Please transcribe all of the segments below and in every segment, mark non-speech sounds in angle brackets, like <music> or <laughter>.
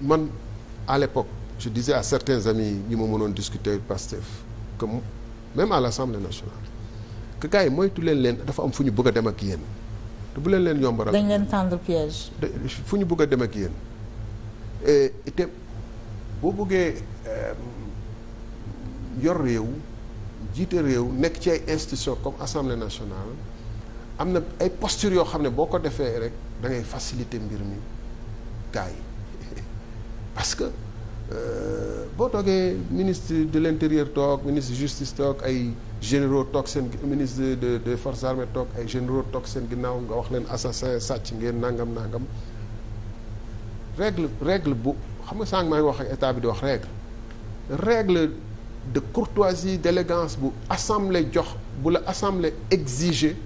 man à l'époque je disais à certains amis ñi ma mënoon discuter Pastef que même à l'Assemblée nationale que gars yi moytu leen leen dafa am fu ñu bëgg dem ak yéen te bu leen leen yombaral. dañ leen tendre piège. fu ñu bëgg a dem ak yéen te boo bëggee euh, yor réew jiite réew nekk ci ay institutions comme assemblée nationale am na ay postures yoo xam ne boo ko defee rek da ngay faciliter mbir mi gars yi. parce que euh, boo toogee ministre de l'intérieur toog ministre justice toog ay généraux toog seen ministre de des toog ay généraux toog seen ginnaaw nga wax leen assassin sàcc ngeen nangam nangam règle règle bu xam nga sànq maa ngi wax ak état bi di wax règle règle de courtoisie d'élégance bu assemblée jox bu la assemblée exiger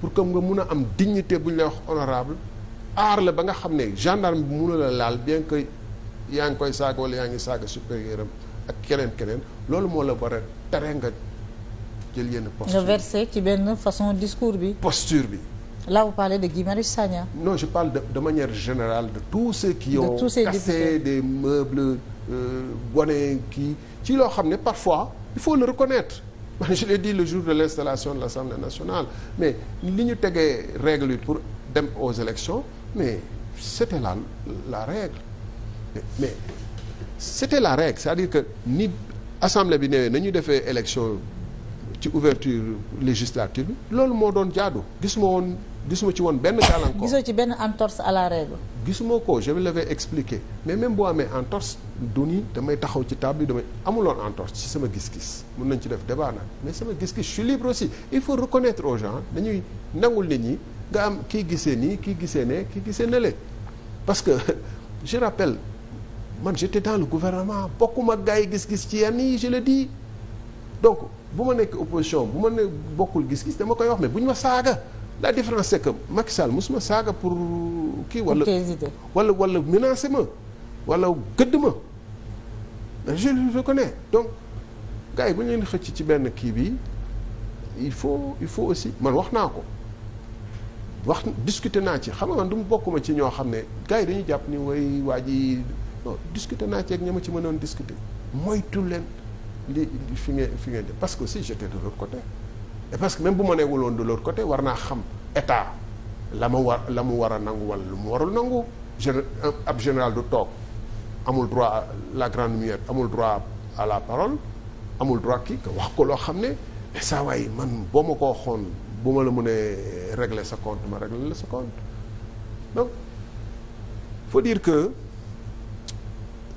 pour que nga mun a am dignité bu ñu lay wax honorable aar la ba nga xam ne gendarme bi mun la laal bien que yaa ngi koy saaga wala yaa ngi saaga supérieur am ak keneen keneen loolu moo la war a tere nga jël yenn posture nga versé ci benn façon discours bi. posture bi. là vous parlez de Guy Marius Sagna. non je parle de de manière générale de tous ceux qui de ont cassé des meubles euh, bone kii ci loo xam ne parfois il faut le reconnaître man <laughs> je l'ai dit le jour de l'installation de l'Assemblée nationale mais li ñu tegee règle bi pour dem aux élections mais c'était la la règle mais c'était la règle c'est-à-dire que ni assemblée bi newee nañu defee élection ci ouverture législature bi loolu moo doon jaadu gisuma woon gisuma ci woon benn gàllankoor. gisoo ci benn entorse à la règle. gisuma ko je l'avais mais même boo amee en entorse duni damay taxaw ci table bi damay amuloon entorse ci sama gis-gis mun nañ ci def débat nag mais sama gis-gis je suis libre aussi il faut reconnaître aux gens dañuy nangul nit ñi nga am kii gisee nii kii gisee ne kii gisee ne le parce que <laughs> je man j'étais dans le gouvernement bokkuma gars yi gis-gis ci yenn yi je le donc bu ma nekk opposition bu ma ne bokkul gis-gis dama koy wax mais bu ñu ma saaga la différence c'est que Macky Sall mosuma saaga pour kii wala wala wala menacé ma wala gëdd ma je le ne donc gars yi bu ñu leen xëcc ci benn kii bi il faut il faut aussi man wax naa ko wax discuter naa ci xam nga man du mu bokkuma ci ñoo xam ne gars yi dañuy jàpp ni way waa ji non discuter naa ceeg ña ma ci mënoon discuter moytu leen li fi ngeen fi ngeen parce que si j'étais de l'autre côté et parce que même bu ma nekkul woon de l'autre côté war naa xam état la ma war la mu war a nangu wala lu mu warul nangu ab général du toog amul droit à la grande muette amul droit à la parole amul droit kii wax ko loo xam ne mais saa waay man boo ma ko waxoon bu ma la mënee régler sa compte ma régler la sa compte donc faut dire que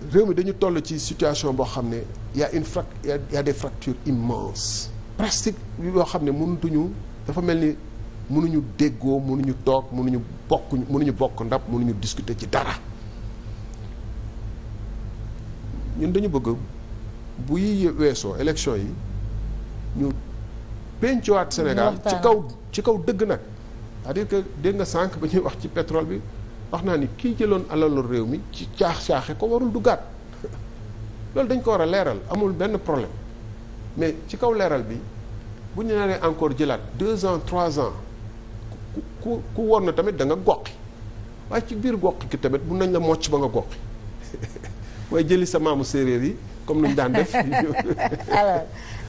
réew mi dañu toll ci situation boo xam ne y a une frac y a des fractures yoo xam ne mënutuñu dafa mel ni mënuñu déggoo mënuñu toog mënuñu bokk mënuñu bokk ndab mënuñu discuter ci dara ñun dañu bëgg buy weesoo élection yi ñu pencuwaat Sénégal ci kaw ci kaw dëgg nag c'est-à-dire que dégg nga sànq ba ñuy wax ci pétrole bi wax naa ni kii jëloon alalu réew mi ci caax caaxe ko warul duggaat loolu dañ ko war a leeral amul benn problème mais ci kaw leeral bi bu ñu naree encore jëlaat deux ans trois ans ku ku wor na tamit da nga goqi waaye ci biir goqi ki tamit mun nañ la mocc ba nga goqi <laughs> waaye jëli sa maamu séeréer yi comme ni daan def <laughs>